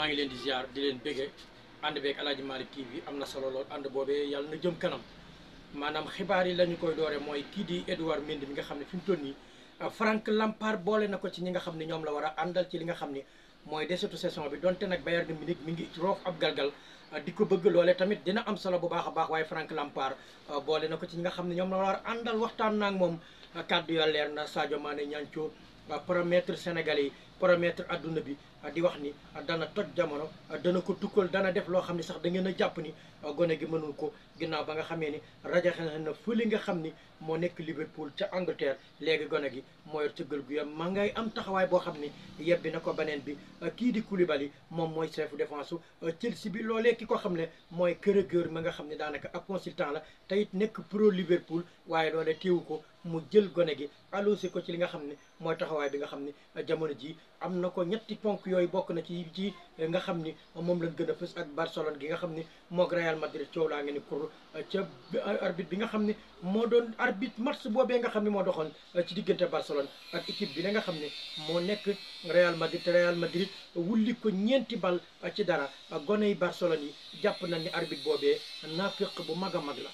maa ngi leen di ziar di leen béggee ànd beeg Aladji kii bi am na solo lool ànd boobee yàlla na jëm kanam maanaam xibaar yi la ñu koy doore mooy kii di Edouard Mendy mi nga xam ne fi mu toll nii Frank Lampard boole na ko ci ñi nga xam ne ñoom la war a àndal ci li nga xam ne mooy desetu saison bi donte nag Bayern de Munich mi ngi roof ab galgal di ko bëgg loole tamit dina am solo bu baax a baax waaye Frank Lampard boole na ko ci ñi nga xam ne ñoom la war a àndal waxtaan naa moom kàddu ya leer na maane ñaan ñancoo Euh, promettre Sénégalais yi promettre àdduna bi euh, di wax ni euh, dana toj jamono dana ko tukkal dana def loo xam ni sax da ngeen a jàpp ni gone gi mënul ko ginnaaw ba nga xamee ni rajo xel na fële nga xam ni moo nekk Liverpool ca Angleterre léegi gone gi mooy tëggal gu yam ma ngay am taxawaay boo xam ni yebbi na ko beneen bi kii di Koulibaly moom mooy chef défense si bi loolee ki ko xam ne mooy kër Kreuger ma nga xam ne daanaka ab consultant la te it nekk pro Liverpool waaye loolee teewu ko. mu jël gone gi alusi ko ci li nga xam ne mooy taxawaay bi nga xam ne jamono jii am na ko ñetti ponk yooyu bokk na ci ci nga xam ni moom la lañ gën a fës ak Barcelone gi nga xam ne moog Real Madrid coow laa ngeen ni kur ca arbitre bi nga xam ne moo doon arbitre match boobee nga xam ne moo doxoon ci diggante Barcelone ak équipe bi la nga xam ne moo nekk Real Madrid Real Madrid wulli ko ñeenti bal ci dara gone yi Barcelone yi jàpp nañ ni arbitre boobee naa naaféq bu mag a mag la